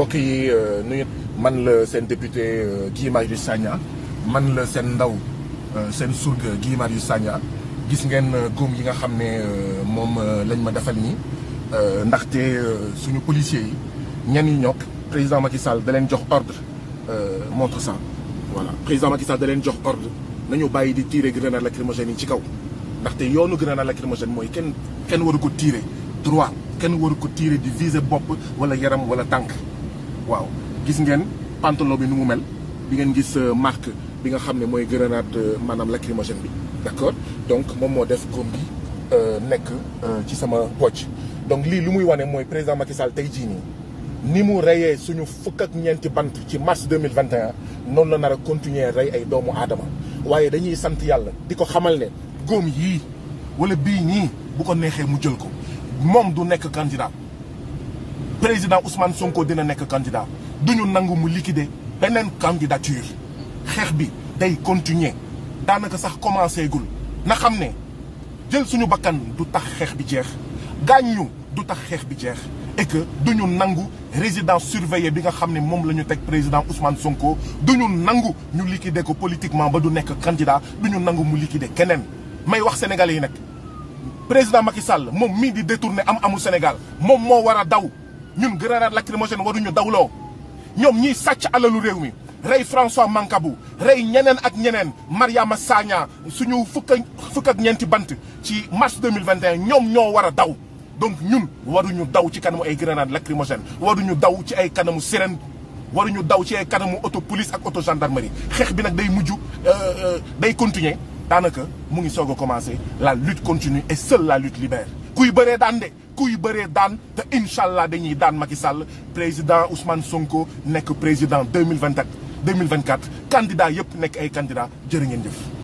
mbokk yi euh, nuyu man la seen député euh, Guy Marius Sagna man la seen ndaw euh, seen surg Guy Marius Sagna gis ngeen góom yi nga xam ne moom lañ ma defal nii ndaxte suñu policiers yi ñen yi ñokk président Macky Sall da leen jox ordre montre ça voilà président Macky Sall da leen jox ordre nañu bàyyi di tirer la lacrymogène yi ci kaw ndaxte yoonu grenade lacrymogène mooy kenn kenn waru ko tirer droit kenn waru ko tiire di viser bopp wala yaram wala tànk waaw gis ngeen pantalon bi nu mu mel di ngeen gis euh, marque bi nga xam ne mooy grenade euh, maanaam lacrymogène bi d'accord donc moom moo def góom bi euh, nekk ci sama poche donc lii lu muy wane mooy président Macky Sall tey jii nii ni mu reyee suñu fukk ak ñeenti bant ci mars 2021 noonu la nar a continuer rey ay doomu aadama waaye dañuy sant yàlla di ko xamal ne góom yii wala bii ñii bu ko neexee mu jël ko moom du nekk candidat président Ousmane Sonko dina nekk du duñu nangu mu liquider beneen candidature xeex bi day continuer daanaka sax commencé gul na xam ne jël suñu bakkan du tax xeex bi jeex gaañ ñu du tax xeex bi jeex et que duñu nangu résidence surveillée bi nga xam ne moom la ñu teg président Ousmane Sonko ñu nangu ñu liquider ko politiquement ba du nekk candidat ñu nangu mu liquider keneen may wax sénégalais yi nag président Macky Sall moom mii di détourné am amul Sénégal moom moo war a daw ñun grenade lacrymogène waruñu dawloo ñoom ñiy sàcc alalu réew mi rey François Mancabou rey ñeneen ak ñeneen Mariama Sagna suñu fukk fukk ak ñeenti bant ci mars 2021 ñoom ñoo war a daw donc ñun waruñu daw ci kanamu ay grenade lacrymogène waruñu daw ci ay kanamu sirène waruñu daw ci ay kanamu auto police ak auto gendarmerie xeex bi nag day mujj euh, euh, day continuer daanaka mu ngi soog a commencer la lutte continue et seule la lutte libère kuy bëree daan de kuy bëree daan te incha allah dañuy daan Macky Sall président Ousmane Sonko nekk président deux mille vingt quatre deux mille vingt quatre candidat yëpp nekk ay candidat jërë ngeen jëf.